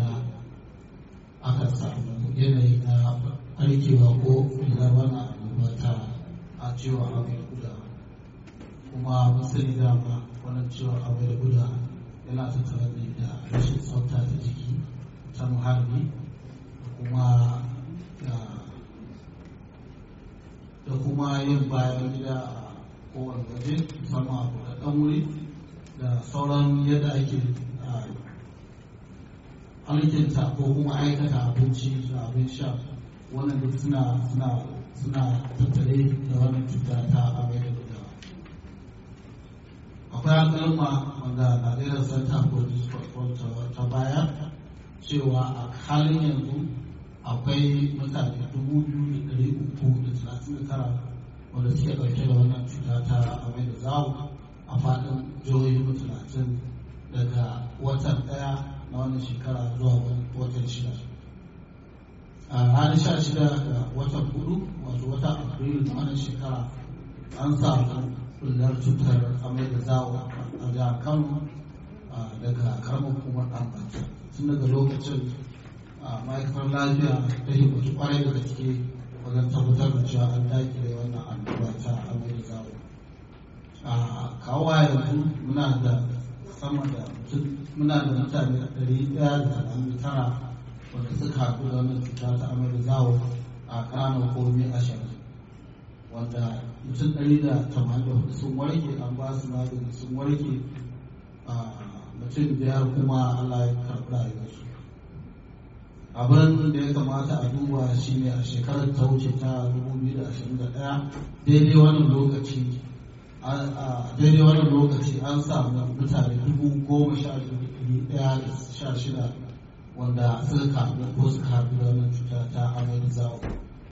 da aka samu yanayi na arkewa ko fitar wannan annoba ta a cewa abin guda kuma masani dama wannan cewa abin guda yana ta ne da rashin tsafta ta jiki ta muhalli kuma da kuma yin bayan gida a kowane waje musamman a buɗaɗɗen wuri da sauran yadda ake aikinta ko kuma aikata abinci da abin sha wannan duk suna suna suna tattare da wannan cuta ta amai da gudawa akwai alƙalma wanda na Center santa Disease Control ta baya cewa a halin yanzu akwai mutane dubu biyu da ɗari uku da talatin da tara wanda suke ɗauke da wannan cuta ta amai da zawo a faɗin jihohin shekara zuwa watan shida a ranar sha shida da watan hudu wato wata afrilu na wannan shekara an samu kullar cutar amai da zawo a jihar kano daga karamar hukumar ambata tun daga lokacin ma'aikatar lafiya ta himmatu kwarai da gaske wajen tabbatar da cewa an da wannan annoba ta amai da zawo a kawo yanzu muna da musamman da muna da mutane ɗari ɗaya da ɗari tara wanda suka haɗu da wannan cuta ta amai da zawo a ƙananan komi ashirin wanda mutum ɗari da tamanin da hudu sun warke an ba su magani sun warke mutum biyar kuma Allah ya karɓi rayuwarsu abin da ya kamata a duba shine a shekarar ta wuce ta 2021 daidai wannan lokaci a daidai wannan lokaci an samu mutane dubu goma sha biyu ɗaya da sha shida wanda suka kamu ko suka haɗu wannan cuta ta amai da zawo